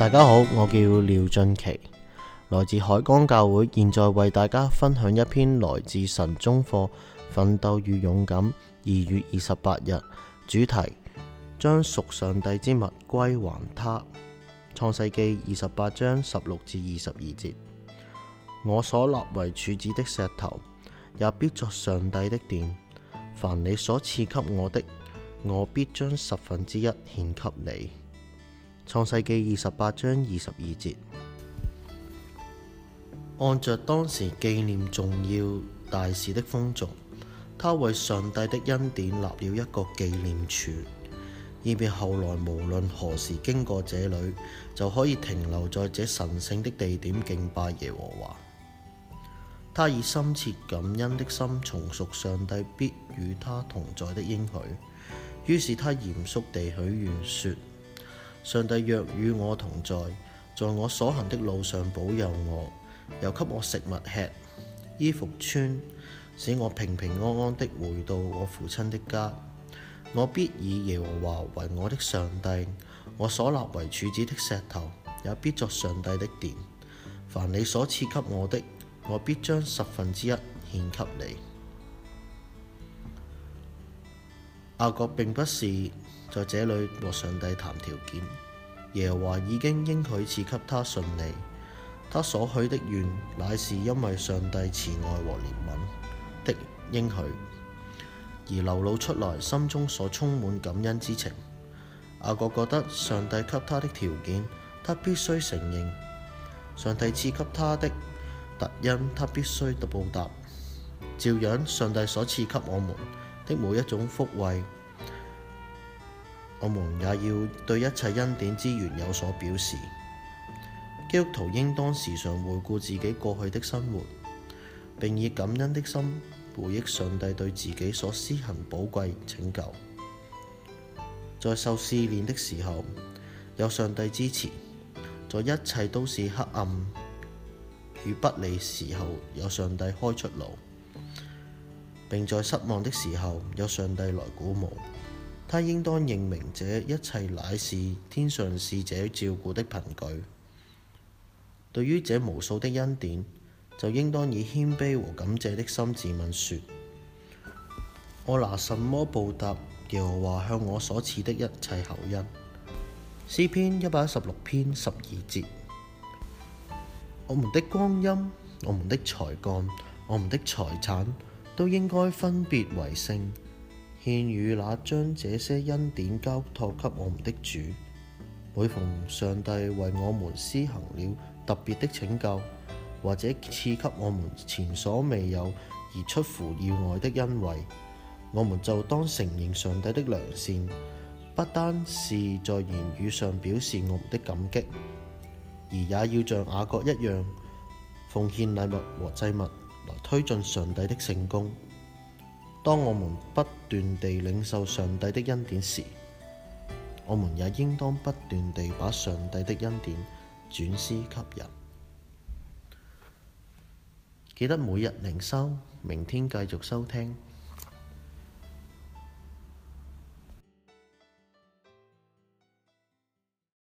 大家好，我叫廖俊奇，來自海光教會，現在為大家分享一篇來自神中課《奮鬥與勇敢》二月二十八日主題：將屬上帝之物歸還祂。創世紀二十八章十六至二十二節：我所立為柱子的石頭，也必作上帝的殿。凡你所賜給我的，我必將十分之一獻給你。創世記二十八章二十二節，按着當時紀念重要大事的風俗，他為上帝的恩典立了一個紀念柱，以便後來無論何時經過這裏，就可以停留在這神聖的地點敬拜耶和華。他以深切感恩的心，重屬上帝必與他同在的應許，於是他嚴肅地許願說。上帝若與我同在，在我所行的路上保佑我，又給我食物吃、衣服穿，使我平平安安的回到我父親的家，我必以耶和華為我的上帝，我所立為柱子的石頭也必作上帝的殿。凡你所賜給我的，我必將十分之一獻給你。雅各並不是在這裡和上帝談條件，耶華已經應許賜給他順利，他所許的願乃是因為上帝慈愛和憐憫的應許，而流露出來，心中所充滿感恩之情。雅各覺得上帝給他的條件，他必須承認；上帝賜給他的特恩，他必須報答。照樣，上帝所賜給我們的每一種福惠，我們也要對一切恩典之源有所表示。基督徒應當時常回顧自己過去的生活，並以感恩的心回憶上帝對自己所施行寶貴拯救。在受試煉的時候，有上帝支持；在一切都是黑暗與不利時候，有上帝開出路。並在失望的時候有上帝來鼓舞他，應當認明這一切乃是天上使者照顧的憑據。對於這無數的恩典，就應當以謙卑和感謝的心自問說：說我拿什麼報答耶和華向我所賜的一切厚恩？詩篇一百一十六篇十二節：我們的光陰，我們的才幹，我們的財產。都應該分別為聖，獻與那將這些恩典交託給我們的主。每逢上帝為我們施行了特別的拯救，或者賜給我們前所未有而出乎意外的恩惠，我們就當承認上帝的良善，不單是在言語上表示我們的感激，而也要像雅各一樣奉獻禮物和祭物。推進上帝的聖工。當我們不斷地領受上帝的恩典時，我們也應當不斷地把上帝的恩典轉施給人。記得每日靈修，明天繼續收聽。